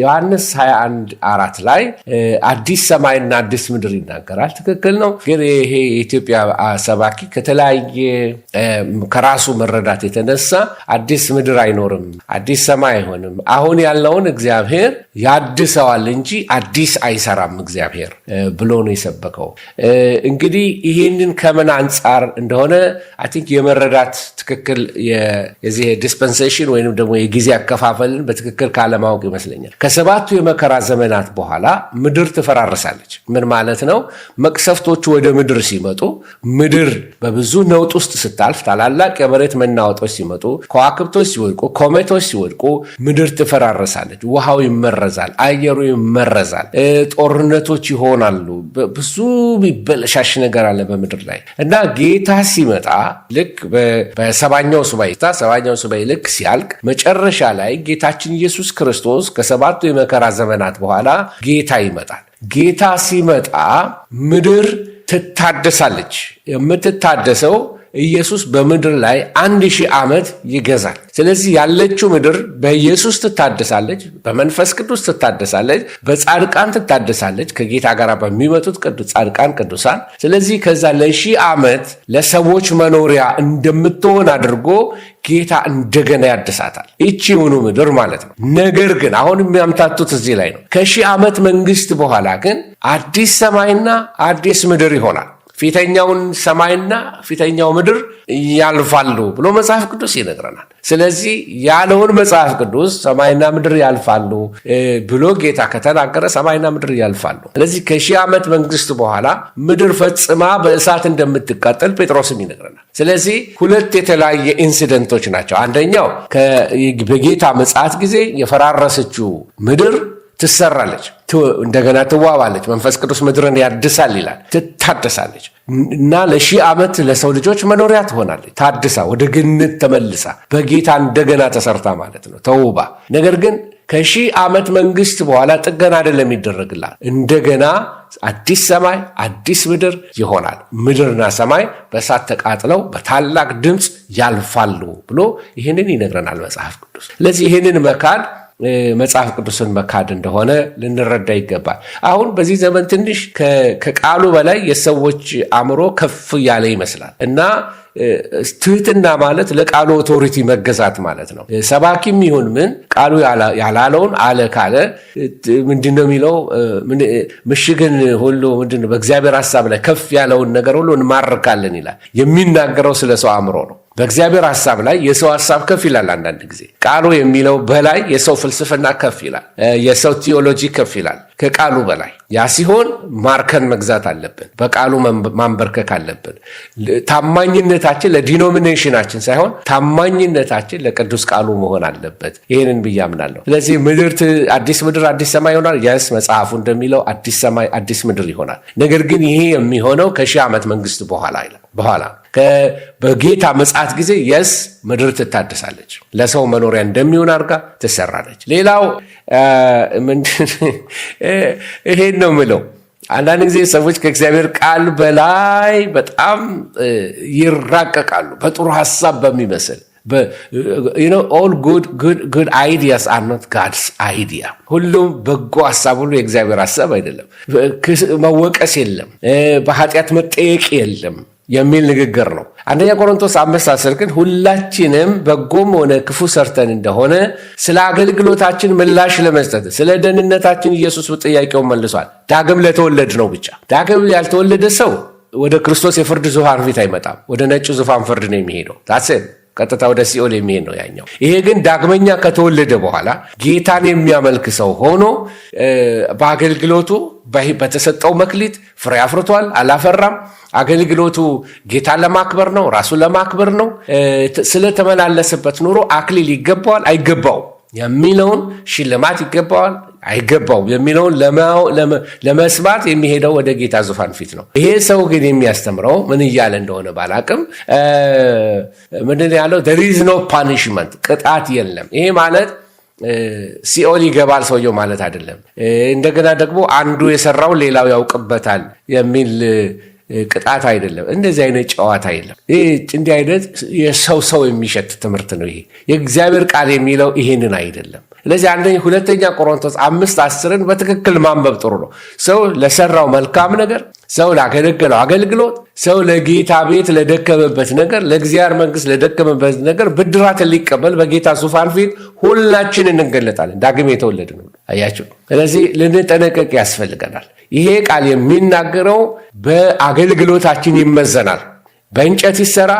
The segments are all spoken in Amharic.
ዮሐንስ 21 አራት ላይ አዲስ ሰማይና አዲስ ምድር ይናገራል። ትክክል ነው። ግን ይሄ የኢትዮጵያ ሰባኪ ከተለያየ ከራሱ መረዳት የተነሳ አዲስ ምድር አይኖርም፣ አዲስ ሰማይ አይሆንም፣ አሁን ያለውን እግዚአብሔር ያድሰዋል እንጂ አዲስ አይሰራም እግዚአብሔር ብሎ ነው የሰበከው። እንግዲህ ይህንን ከምን አንጻር እንደሆነ አይ ቲንክ የመረዳት ትክክል የዚህ ዲስፐንሴሽን ወይም ደግሞ የጊዜ አከፋፈልን በትክክል ካለማወቅ ይመስለኛል። ከሰባቱ የመከራ ዘመናት በኋላ ምድር ትፈራርሳለች። ምን ማለት ነው? መቅሰፍቶቹ ወደ ምድር ሲመጡ፣ ምድር በብዙ ነውጥ ውስጥ ስታልፍ፣ ታላላቅ የመሬት መናወጦች ሲመጡ፣ ከዋክብቶች ሲወድቁ፣ ኮሜቶች ሲወድቁ፣ ምድር ትፈራርሳለች። ውሃው ይመረዛል፣ አየሩ ይመረዛል፣ ጦርነቶች ይሆናሉ። ብዙ የሚበለሻሽ ነገር አለ በምድር ላይ እና ጌታ ሲመጣ ልክ በሰባኛው ሱባኤ ሰባኛው ሱባኤ ልክ ሲያልቅ መጨረሻ ላይ ጌታችን ኢየሱስ ክርስቶስ ከሰባት ከሰባቱ የመከራ ዘመናት በኋላ ጌታ ይመጣል። ጌታ ሲመጣ ምድር ትታደሳለች። የምትታደሰው ኢየሱስ በምድር ላይ አንድ ሺህ ዓመት ይገዛል። ስለዚህ ያለችው ምድር በኢየሱስ ትታደሳለች፣ በመንፈስ ቅዱስ ትታደሳለች፣ በጻድቃን ትታደሳለች፣ ከጌታ ጋር በሚመጡት ጻድቃን ቅዱሳን። ስለዚህ ከዛ ለሺህ ዓመት ለሰዎች መኖሪያ እንደምትሆን አድርጎ ጌታ እንደገና ያድሳታል። ይቺ የሆኑ ምድር ማለት ነው። ነገር ግን አሁን የሚያምታቱት እዚህ ላይ ነው። ከሺህ ዓመት መንግስት በኋላ ግን አዲስ ሰማይና አዲስ ምድር ይሆናል። ፊተኛውን ሰማይና ፊተኛው ምድር ያልፋሉ ብሎ መጽሐፍ ቅዱስ ይነግረናል። ስለዚህ ያለውን መጽሐፍ ቅዱስ ሰማይና ምድር ያልፋሉ ብሎ ጌታ ከተናገረ ሰማይና ምድር ያልፋሉ። ስለዚህ ከሺህ ዓመት መንግስት በኋላ ምድር ፈጽማ በእሳት እንደምትቃጠል ጴጥሮስም ይነግረናል። ስለዚህ ሁለት የተለያየ ኢንሲደንቶች ናቸው። አንደኛው በጌታ ምጽአት ጊዜ የፈራረሰችው ምድር ትሰራለች፣ እንደገና ትዋባለች፣ መንፈስ ቅዱስ ምድርን ያድሳል ይላል። ትታደሳለች እና ለሺህ ዓመት ለሰው ልጆች መኖሪያ ትሆናለች። ታድሳ ወደ ገነት ተመልሳ በጌታ እንደገና ተሰርታ ማለት ነው፣ ተውባ ነገር ግን ከሺህ ዓመት መንግስት በኋላ ጥገና አይደለም ይደረግላል። እንደገና አዲስ ሰማይ አዲስ ምድር ይሆናል። ምድርና ሰማይ በእሳት ተቃጥለው በታላቅ ድምፅ ያልፋሉ ብሎ ይህንን ይነግረናል መጽሐፍ ቅዱስ። ስለዚህ ይህንን መካድ መጽሐፍ ቅዱስን መካድ እንደሆነ ልንረዳ ይገባል። አሁን በዚህ ዘመን ትንሽ ከቃሉ በላይ የሰዎች አእምሮ ከፍ ያለ ይመስላል እና ትህትና ማለት ለቃሉ ኦቶሪቲ መገዛት ማለት ነው። ሰባኪም ይሁን ምን ቃሉ ያላለውን አለ ካለ ምንድን ነው የሚለው? ምሽግን ሁሉ ምንድን ነው በእግዚአብሔር ሀሳብ ላይ ከፍ ያለውን ነገር ሁሉ እንማርካለን ይላል። የሚናገረው ስለ ሰው አእምሮ ነው። በእግዚአብሔር ሀሳብ ላይ የሰው ሀሳብ ከፍ ይላል። አንዳንድ ጊዜ ቃሉ የሚለው በላይ የሰው ፍልስፍና ከፍ ይላል፣ የሰው ቲዮሎጂ ከፍ ይላል ከቃሉ በላይ። ያ ሲሆን ማርከን መግዛት አለብን፣ በቃሉ ማንበርከክ አለብን። ታማኝነታችን ለዲኖሚኔሽናችን ሳይሆን ታማኝነታችን ለቅዱስ ቃሉ መሆን አለበት። ይህንን ብዬ አምናለሁ። ስለዚህ ምድር አዲስ ምድር አዲስ ሰማይ ይሆናል። የስ መጽሐፉ እንደሚለው አዲስ ሰማይ አዲስ ምድር ይሆናል። ነገር ግን ይሄ የሚሆነው ከሺህ ዓመት መንግስት በኋላ በኋላ በጌታ መጽት ጊዜ የስ ምድር ትታደሳለች፣ ለሰው መኖሪያ እንደሚሆን አድርጋ ትሰራለች። ሌላው ይሄን ነው የምለው። አንዳንድ ጊዜ ሰዎች ከእግዚአብሔር ቃል በላይ በጣም ይራቀቃሉ። በጥሩ ሀሳብ በሚመስል ኦል አይዲያስ ጋድስ አይዲያ። ሁሉም በጎ ሀሳብ ሁሉ የእግዚአብሔር ሀሳብ አይደለም። መወቀስ የለም፣ በኃጢአት መጠየቅ የለም የሚል ንግግር ነው። አንደኛ ቆሮንቶስ አምስት አስር ግን ሁላችንም በጎም ሆነ ክፉ ሰርተን እንደሆነ ስለ አገልግሎታችን ምላሽ ለመስጠት ስለ ደህንነታችን ኢየሱስ ጥያቄውን መልሷል። ዳግም ለተወለድ ነው ብቻ። ዳግም ያልተወለደ ሰው ወደ ክርስቶስ የፍርድ ዙፋን ፊት አይመጣም። ወደ ነጭ ዙፋን ፍርድ ነው የሚሄደው። ቀጥታ ወደ ሲኦል የሚሄድ ነው ያኛው። ይሄ ግን ዳግመኛ ከተወለደ በኋላ ጌታን የሚያመልክ ሰው ሆኖ በአገልግሎቱ በተሰጠው መክሊት ፍሬ አፍርቷል፣ አላፈራም። አገልግሎቱ ጌታን ለማክበር ነው፣ ራሱን ለማክበር ነው። ስለተመላለሰበት ኑሮ አክሊል ይገባዋል አይገባው የሚለውን ሽልማት ይገባዋል አይገባውም የሚለውን ለመስማት የሚሄደው ወደ ጌታ ዙፋን ፊት ነው። ይሄ ሰው ግን የሚያስተምረው ምን እያለ እንደሆነ ባላቅም ምንድን ያለው ደሪዝ ኖ ፓኒሽመንት ቅጣት የለም። ይሄ ማለት ሲኦል ይገባል ሰውየው ማለት አይደለም። እንደገና ደግሞ አንዱ የሰራው ሌላው ያውቅበታል የሚል ቅጣት አይደለም። እንደዚህ አይነት ጨዋታ የለም። ይህ እንዲህ አይነት የሰው ሰው የሚሸት ትምህርት ነው። ይሄ የእግዚአብሔር ቃል የሚለው ይሄንን አይደለም። ስለዚህ አንደኛ ሁለተኛ ቆሮንቶስ አምስት አስርን በትክክል ማንበብ ጥሩ ነው። ሰው ለሰራው መልካም ነገር፣ ሰው ላገለገለው አገልግሎት፣ ሰው ለጌታ ቤት ለደከመበት ነገር፣ ለእግዚአብሔር መንግስት ለደከመበት ነገር ብድራትን ሊቀበል በጌታ ዙፋን ፊት ሁላችን እንገለጣለን። ዳግም የተወለድን አያችሁ። ስለዚህ ልንጠነቀቅ ያስፈልገናል። ይሄ ቃል የሚናገረው በአገልግሎታችን ይመዘናል። በእንጨት ይሰራ፣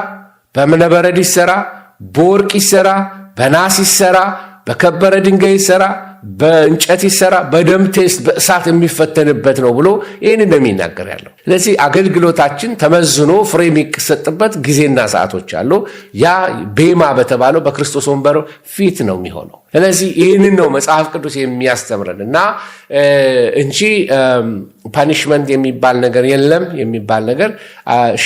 በእብነበረድ ይሰራ፣ በወርቅ ይሰራ፣ በናስ ይሰራ፣ በከበረ ድንጋይ ይሰራ በእንጨት ይሰራ በደም ቴስት በእሳት የሚፈተንበት ነው ብሎ ይህን እንደሚናገር ያለው። ስለዚህ አገልግሎታችን ተመዝኖ ፍሬ የሚሰጥበት ጊዜና ሰዓቶች አሉ። ያ ቤማ በተባለው በክርስቶስ ወንበር ፊት ነው የሚሆነው። ስለዚህ ይህንን ነው መጽሐፍ ቅዱስ የሚያስተምረን እና እንጂ ፓኒሽመንት የሚባል ነገር የለም የሚባል ነገር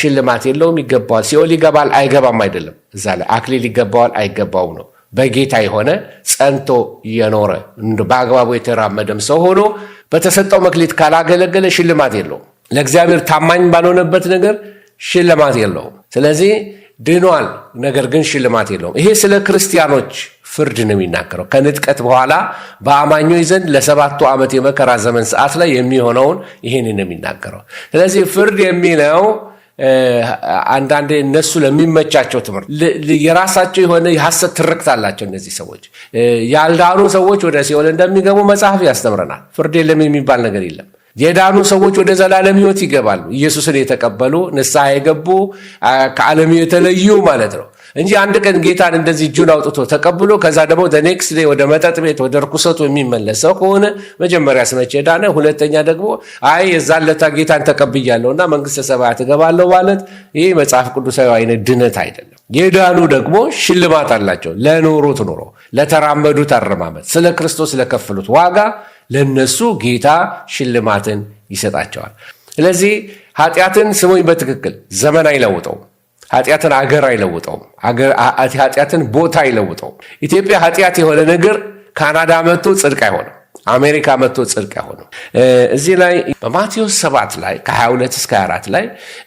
ሽልማት የለውም። ይገባዋል፣ ሲኦል ይገባል አይገባም አይደለም፣ እዛ ላይ አክሊል ይገባዋል አይገባውም ነው በጌታ የሆነ ጸንቶ የኖረ በአግባቡ የተራመደም ሰው ሆኖ በተሰጠው መክሊት ካላገለገለ ሽልማት የለውም። ለእግዚአብሔር ታማኝ ባልሆነበት ነገር ሽልማት የለውም። ስለዚህ ድኗል፣ ነገር ግን ሽልማት የለውም። ይሄ ስለ ክርስቲያኖች ፍርድ ነው የሚናገረው። ከንጥቀት በኋላ በአማኞች ዘንድ ለሰባቱ ዓመት የመከራ ዘመን ሰዓት ላይ የሚሆነውን ይህንን ነው የሚናገረው። ስለዚህ ፍርድ የሚለው አንዳንዴ እነሱ ለሚመቻቸው ትምህርት የራሳቸው የሆነ የሐሰት ትርክት አላቸው። እነዚህ ሰዎች ያልዳኑ ሰዎች ወደ ሲኦል እንደሚገቡ መጽሐፍ ያስተምረናል። ፍርድ የለም የሚባል ነገር የለም። የዳኑ ሰዎች ወደ ዘላለም ሕይወት ይገባሉ። ኢየሱስን የተቀበሉ ንስሐ የገቡ ከዓለም የተለዩ ማለት ነው። እንጂ አንድ ቀን ጌታን እንደዚህ እጁን አውጥቶ ተቀብሎ ከዛ ደግሞ ኔክስት ዴይ ወደ መጠጥ ቤት ወደ ርኩሰቱ የሚመለሰው ከሆነ መጀመሪያ ስመቼ ዳነ፣ ሁለተኛ ደግሞ አይ የዛን ለታ ጌታን ተቀብያለሁ እና መንግስተ ሰማያት እገባለሁ ማለት ይህ መጽሐፍ ቅዱሳዊ አይነት ድነት አይደለም። የዳኑ ደግሞ ሽልማት አላቸው። ለኖሩት ኑሮ፣ ለተራመዱት አረማመድ፣ ስለ ክርስቶስ ለከፍሉት ዋጋ ለነሱ ጌታ ሽልማትን ይሰጣቸዋል። ስለዚህ ኃጢአትን ስሙኝ፣ በትክክል ዘመን አይለውጠውም። ኃጢአትን አገር አይለውጠውም። ኃጢአትን ቦታ አይለውጠውም። ኢትዮጵያ ኃጢአት የሆነ ነገር ካናዳ መጥቶ ጽድቅ አይሆንም። አሜሪካ መጥቶ ጽድቅ አይሆንም። እዚህ ላይ በማቴዎስ 7 ላይ ከ22 እስከ 24 ላይ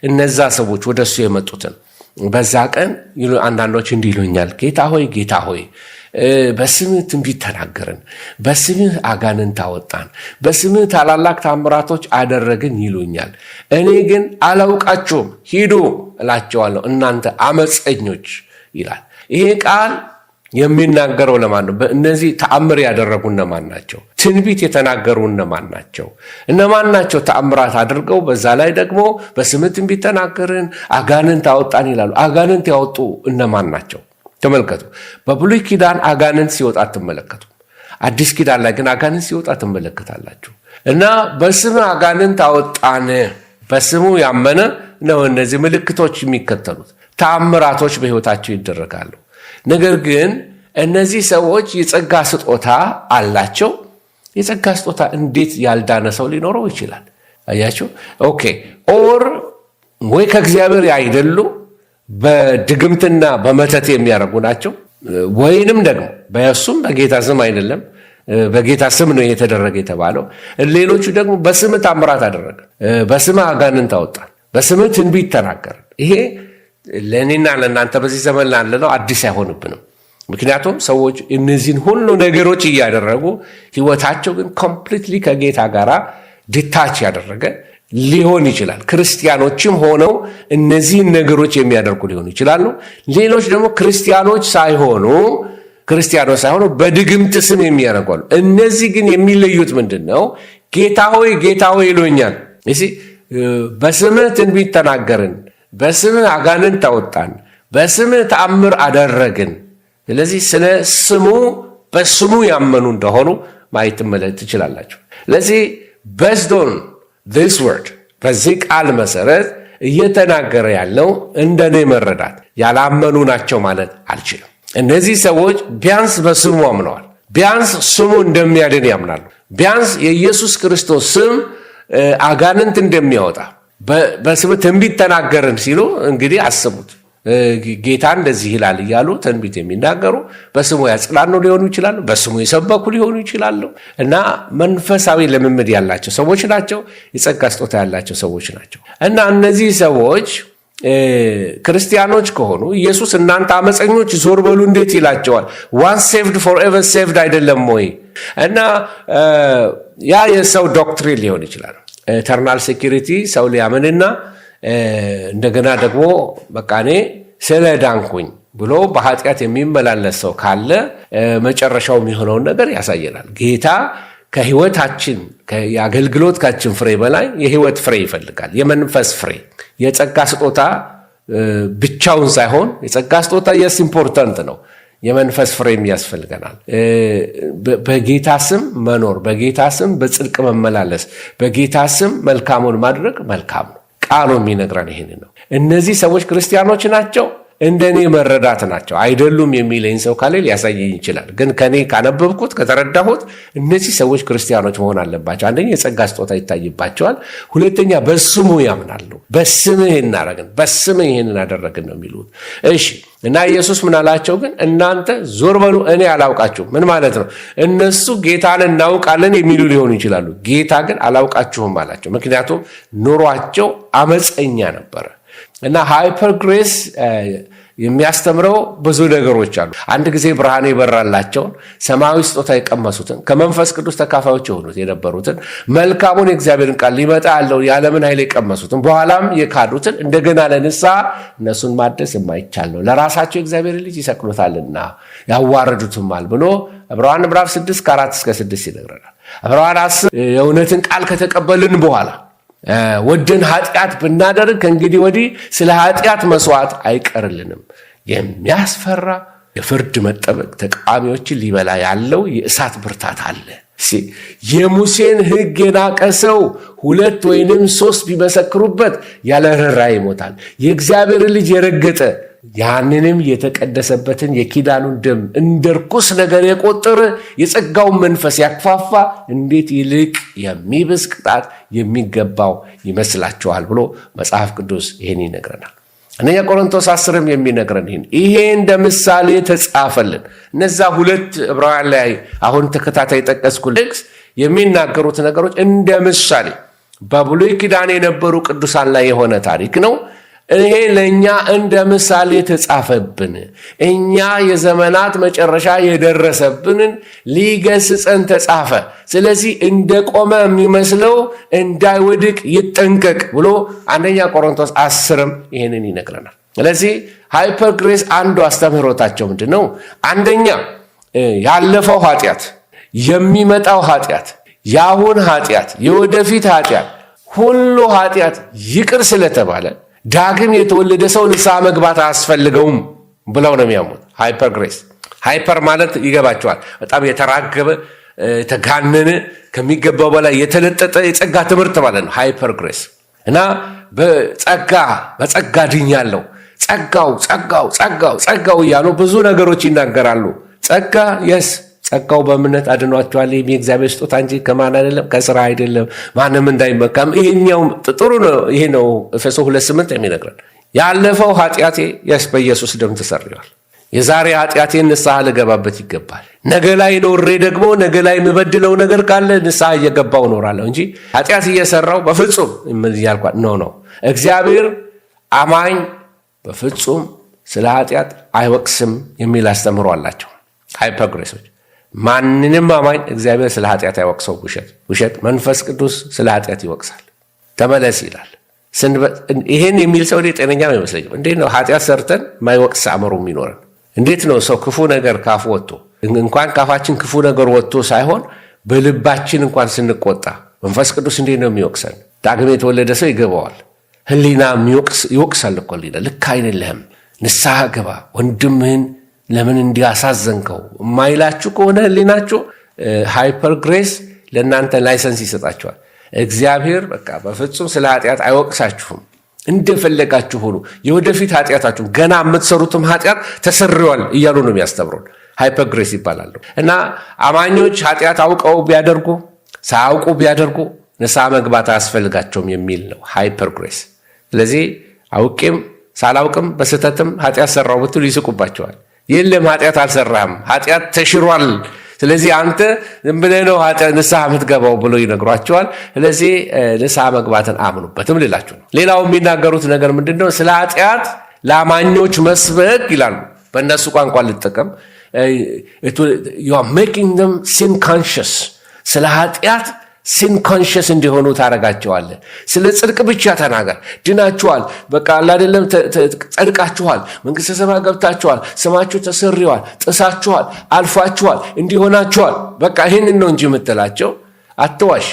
እነዛ ሰዎች ወደ እሱ የመጡትን በዛ ቀን አንዳንዶች እንዲህ ይሉኛል፣ ጌታ ሆይ ጌታ ሆይ በስምህ ትንቢት ተናገርን፣ በስምህ አጋንንት አወጣን፣ በስምህ ታላላቅ ታምራቶች አደረግን ይሉኛል። እኔ ግን አላውቃችሁም፣ ሂዱ እላቸዋለሁ እናንተ አመፀኞች ይላል። ይሄ ቃል የሚናገረው ለማን ነው? እነዚህ ተአምር ያደረጉ እነማን ናቸው? ትንቢት የተናገሩ እነማን ናቸው? እነማን ናቸው ተአምራት አድርገው በዛ ላይ ደግሞ በስምህ ትንቢት ተናገርን፣ አጋንንት አወጣን ይላሉ። አጋንንት ያወጡ እነማን ናቸው? ተመልከቱ። በብሉይ ኪዳን አጋንንት ሲወጣ አትመለከቱም። አዲስ ኪዳን ላይ ግን አጋንንት ሲወጣ ትመለከታላችሁ። እና በስም አጋንንት አወጣን፣ በስሙ ያመነ ነው። እነዚህ ምልክቶች የሚከተሉት ተአምራቶች በህይወታቸው ይደረጋሉ። ነገር ግን እነዚህ ሰዎች የጸጋ ስጦታ አላቸው። የጸጋ ስጦታ እንዴት ያልዳነ ሰው ሊኖረው ይችላል? አያቸው ኦኬ ኦር ወይ ከእግዚአብሔር አይደሉ በድግምትና በመተት የሚያደርጉ ናቸው። ወይንም ደግሞ በእሱም በጌታ ስም አይደለም በጌታ ስም ነው የተደረገ የተባለው። ሌሎቹ ደግሞ በስም ታምራት አደረገ፣ በስም አጋንንት አወጣ፣ በስም ትንቢት ተናገረ። ይሄ ለእኔና ለእናንተ በዚህ ዘመን ላለነው አዲስ አይሆንብንም። ምክንያቱም ሰዎች እነዚህን ሁሉ ነገሮች እያደረጉ ህይወታቸው ግን ኮምፕሊትሊ ከጌታ ጋር ዲታች ያደረገ ሊሆን ይችላል። ክርስቲያኖችም ሆነው እነዚህን ነገሮች የሚያደርጉ ሊሆኑ ይችላሉ። ሌሎች ደግሞ ክርስቲያኖች ሳይሆኑ ክርስቲያኖች ሳይሆኑ በድግምት ስም የሚያደርጓሉ። እነዚህ ግን የሚለዩት ምንድን ነው? ጌታ ሆይ ጌታ ሆይ ይሉኛል። በስምህ ትንቢት ተናገርን፣ በስምህ አጋንን ታወጣን፣ በስምህ ተአምር አደረግን። ስለዚህ ስለ ስሙ በስሙ ያመኑ እንደሆኑ ማየት ትችላላችሁ። ስለዚህ በስዶን ዚስ ወርድ በዚህ ቃል መሰረት እየተናገረ ያለው እንደኔ መረዳት ያላመኑ ናቸው ማለት አልችልም። እነዚህ ሰዎች ቢያንስ በስሙ አምነዋል። ቢያንስ ስሙ እንደሚያድን ያምናሉ። ቢያንስ የኢየሱስ ክርስቶስ ስም አጋንንት እንደሚያወጣ በስም ትንቢት ተናገርን ሲሉ እንግዲህ አስቡት። ጌታ እንደዚህ ይላል እያሉ ትንቢት የሚናገሩ በስሙ ያጽናኑ ሊሆኑ ይችላሉ፣ በስሙ የሰበኩ ሊሆኑ ይችላሉ እና መንፈሳዊ ልምምድ ያላቸው ሰዎች ናቸው። የጸጋ ስጦታ ያላቸው ሰዎች ናቸው እና እነዚህ ሰዎች ክርስቲያኖች ከሆኑ ኢየሱስ እናንተ አመፀኞች ዞር በሉ እንዴት ይላቸዋል? ዋን ሴቭድ ኤቨር ሴቭድ አይደለም ወይ? እና ያ የሰው ዶክትሪን ሊሆን ይችላል። ኤተርናል ሴኪሪቲ ሰው ሊያምንና እንደገና ደግሞ በቃ እኔ ስለዳንኩኝ ብሎ በኃጢአት የሚመላለስ ሰው ካለ መጨረሻው የሚሆነውን ነገር ያሳየናል። ጌታ ከህይወታችን የአገልግሎታችን ፍሬ በላይ የህይወት ፍሬ ይፈልጋል። የመንፈስ ፍሬ፣ የጸጋ ስጦታ ብቻውን ሳይሆን የጸጋ ስጦታ የስ ኢምፖርታንት ነው። የመንፈስ ፍሬም ያስፈልገናል። በጌታ ስም መኖር፣ በጌታ ስም በጽድቅ መመላለስ፣ በጌታ ስም መልካሙን ማድረግ መልካም ነው። ቃሉ የሚነግረን ይህን ነው። እነዚህ ሰዎች ክርስቲያኖች ናቸው እንደኔ መረዳት ናቸው አይደሉም የሚለኝ ሰው ካለ ሊያሳየኝ ይችላል። ግን ከኔ ካነበብኩት ከተረዳሁት እነዚህ ሰዎች ክርስቲያኖች መሆን አለባቸው። አንደኛ የጸጋ ስጦታ ይታይባቸዋል። ሁለተኛ በስሙ ያምናሉ። በስምህ እናረግን፣ በስምህ ይህን እናደረግን ነው የሚሉት። እሺ እና ኢየሱስ ምን አላቸው? ግን እናንተ ዞር በሉ፣ እኔ አላውቃችሁም። ምን ማለት ነው? እነሱ ጌታን እናውቃለን የሚሉ ሊሆኑ ይችላሉ። ጌታ ግን አላውቃችሁም አላቸው። ምክንያቱም ኑሯቸው አመፀኛ ነበረ። እና ሃይፐር ግሬስ የሚያስተምረው ብዙ ነገሮች አሉ። አንድ ጊዜ ብርሃን የበራላቸውን ሰማያዊ ስጦታ የቀመሱትን ከመንፈስ ቅዱስ ተካፋዮች የሆኑት የነበሩትን መልካሙን የእግዚአብሔርን ቃል ሊመጣ ያለውን የዓለምን ኃይል የቀመሱትን በኋላም የካዱትን እንደገና ለንስሐ እነሱን ማደስ የማይቻል ነው። ለራሳቸው የእግዚአብሔር ልጅ ይሰቅሉታልና ያዋረዱትማል ብሎ ዕብራውያን ምዕራፍ 6 ከ4 እስከ 6 ይነግረናል። ዕብራውያን 10 የእውነትን ቃል ከተቀበልን በኋላ ወደን ኃጢአት ብናደርግ ከእንግዲህ ወዲህ ስለ ኃጢአት መስዋዕት አይቀርልንም። የሚያስፈራ የፍርድ መጠበቅ ተቃዋሚዎችን ሊበላ ያለው የእሳት ብርታት አለ። የሙሴን ሕግ የናቀ ሰው ሁለት ወይንም ሶስት ቢመሰክሩበት ያለ ርኅራኄ ይሞታል። የእግዚአብሔር ልጅ የረገጠ ያንንም የተቀደሰበትን የኪዳኑን ደም እንደ ርኩስ ነገር የቆጠረ የጸጋውን መንፈስ ያክፋፋ እንዴት ይልቅ የሚብስ ቅጣት የሚገባው ይመስላችኋል ብሎ መጽሐፍ ቅዱስ ይህን ይነግረናል። አንደኛ ቆሮንቶስ አስርም የሚነግረን ይህን ይሄ እንደ ምሳሌ ተጻፈልን። እነዛ ሁለት ዕብራውያን ላይ አሁን ተከታታይ ጠቀስኩ ልቅስ የሚናገሩት ነገሮች እንደ ምሳሌ በብሉይ ኪዳን የነበሩ ቅዱሳን ላይ የሆነ ታሪክ ነው። ይሄ ለእኛ እንደ ምሳሌ የተጻፈብን እኛ የዘመናት መጨረሻ የደረሰብንን ሊገስጸን ተጻፈ። ስለዚህ እንደቆመ የሚመስለው እንዳይወድቅ ይጠንቀቅ ብሎ አንደኛ ቆሮንቶስ አስርም ይህንን ይነግረናል። ስለዚህ ሃይፐር ግሬስ አንዱ አስተምህሮታቸው ምንድን ነው? አንደኛ ያለፈው ኃጢአት፣ የሚመጣው ኃጢአት፣ የአሁን ኃጢአት፣ የወደፊት ኃጢአት ሁሉ ኃጢአት ይቅር ስለተባለ ዳግም የተወለደ ሰው ንስሐ መግባት አያስፈልገውም ብለው ነው የሚያሙት። ሃይፐር ግሬስ ሃይፐር ማለት ይገባቸዋል። በጣም የተራገበ የተጋነነ ከሚገባው በላይ የተለጠጠ የጸጋ ትምህርት ማለት ነው ሃይፐር ግሬስ እና በጸጋ በጸጋ ድኛለሁ፣ ጸጋው ጸጋው ጸጋው ጸጋው እያሉ ብዙ ነገሮች ይናገራሉ። ጸጋ የስ ጸጋው በእምነት አድኗቸዋል። ይህም የእግዚአብሔር ስጦታ እንጂ ከማን አይደለም፣ ከስራ አይደለም፣ ማንም እንዳይመካም። ይህኛውም ጥሩ ነው። ይሄ ነው ኤፌሶ ሁለት ስምንት የሚነግረን ያለፈው ኃጢአቴ በኢየሱስ ደም ተሰርዋል። የዛሬ ኃጢአቴን ንስሐ ልገባበት ይገባል። ነገ ላይ ኖሬ ደግሞ ነገ ላይ የምበድለው ነገር ካለ ንስሐ እየገባው እኖራለሁ እንጂ ኃጢአት እየሰራው በፍጹም እያልኳ ኖ ነው እግዚአብሔር አማኝ በፍጹም ስለ ኃጢአት አይወቅስም የሚል አስተምሮ አላቸው ሃይፐግሬሶች ማንንም አማኝ እግዚአብሔር ስለ ኃጢአት አይወቅሰው። ውሸት ውሸት መንፈስ ቅዱስ ስለ ኃጢአት ይወቅሳል። ተመለስ ይላል። ይህን የሚል ሰው እኔ ጤነኛ አይመስለኝም። እንዴት ነው ኃጢአት ሰርተን ማይወቅስ አእምሮ የሚኖረን? እንዴት ነው ሰው ክፉ ነገር ካፍ ወጥቶ እንኳን ካፋችን ክፉ ነገር ወጥቶ ሳይሆን በልባችን እንኳን ስንቆጣ መንፈስ ቅዱስ እንዴት ነው የሚወቅሰን? ዳግም የተወለደ ሰው ይገባዋል። ህሊና ይወቅሳል እኮ ህሊና ልክ አይደለህም፣ ንስሐ ግባ፣ ወንድምህን ለምን እንዲያሳዘንከው አሳዘንከው የማይላችሁ ከሆነ ህሊናችሁ ሃይፐር ግሬስ ለእናንተ ላይሰንስ ይሰጣችኋል። እግዚአብሔር በቃ በፍጹም ስለ ኃጢአት አይወቅሳችሁም። እንደፈለጋችሁ ሆኑ። የወደፊት ኃጢአታችሁም ገና የምትሰሩትም ኃጢአት ተሰርዋል እያሉ ነው የሚያስተምሩን። ሃይፐር ግሬስ ይባላሉ እና አማኞች ኃጢአት አውቀው ቢያደርጉ ሳያውቁ ቢያደርጉ ንስሐ መግባት አያስፈልጋቸውም የሚል ነው ሃይፐር ግሬስ። ስለዚህ አውቄም ሳላውቅም በስህተትም ኃጢአት ሰራው ብትሉ ይስቁባቸዋል። የለም ኃጢአት አልሰራህም፣ ኃጢአት ተሽሯል። ስለዚህ አንተ ዝም ብለህ ነው ንስሐ የምትገባው ብሎ ይነግሯቸዋል። ስለዚህ ንስሐ መግባትን አምኑበትም ልላችሁ ነው። ሌላው የሚናገሩት ነገር ምንድን ነው? ስለ ኃጢአት ለአማኞች መስበክ ይላሉ። በእነሱ ቋንቋ ልጠቀም ሜኪንግ ደም ሲን ካንሽስ ስለ ኃጢአት ሲን ኮንሽስ እንዲሆኑ ታደረጋቸዋለ። ስለ ጽድቅ ብቻ ተናገር። ድናችኋል፣ በቃ አይደለም ጸድቃችኋል፣ መንግሥተ ሰማይ ገብታችኋል፣ ስማችሁ ተሰሪዋል ጥሳችኋል፣ አልፋችኋል፣ እንዲሆናችኋል። በቃ ይህን ነው እንጂ የምትላቸው። አትዋሽ፣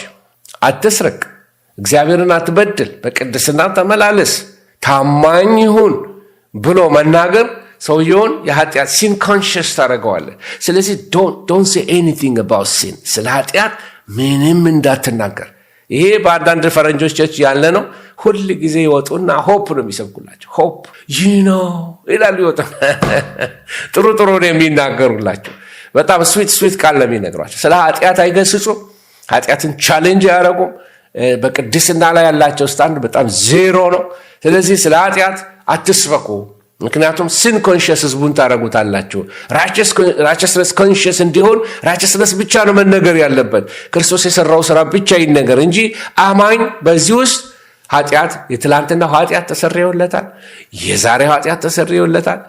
አትስረቅ፣ እግዚአብሔርን አትበድል፣ በቅድስና ተመላለስ፣ ታማኝ ይሁን ብሎ መናገር ሰውየውን የኃጢአት ሲን ኮንሽስ ታደረገዋለህ። ስለዚህ ዶንት ሴ ኤኒቲንግ አባውት ሲን ስለ ኃጢአት ምንም እንዳትናገር። ይሄ በአንዳንድ ፈረንጆች ቸች ያለ ነው። ሁል ጊዜ ይወጡና ሆፕ ነው የሚሰብኩላቸው። ሆፕ ይህ ነው ይላሉ። ይወጡ ጥሩ ጥሩ ነው የሚናገሩላቸው። በጣም ስዊት ስዊት ቃል ነው የሚነግሯቸው። ስለ ኃጢአት አይገስጹም። ኃጢአትን ቻሌንጅ አያደርጉም። በቅድስና ላይ ያላቸው ስታንድ በጣም ዜሮ ነው። ስለዚህ ስለ ኃጢአት አትስበኩ ምክንያቱም ሲን ኮንሽስ ህዝቡን ታደረጉታላችሁ። ራቸስነስ ኮንሽስ እንዲሆን ራቸስነስ ብቻ ነው መነገር ያለበት። ክርስቶስ የሰራው ስራ ብቻ ይነገር እንጂ አማኝ በዚህ ውስጥ ኃጢአት የትላንትና ኃጢአት ተሰርዮለታል፣ የዛሬ ኃጢአት ተሰርዮለታል፣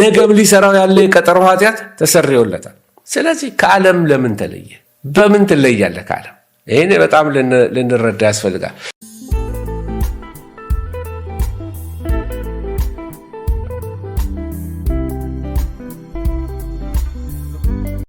ነገም ሊሰራው ያለ የቀጠሮ ኃጢአት ተሰርዮለታል። ስለዚህ ከዓለም ለምን ተለየ? በምን ትለያለ ከዓለም? ይህን በጣም ልንረዳ ያስፈልጋል።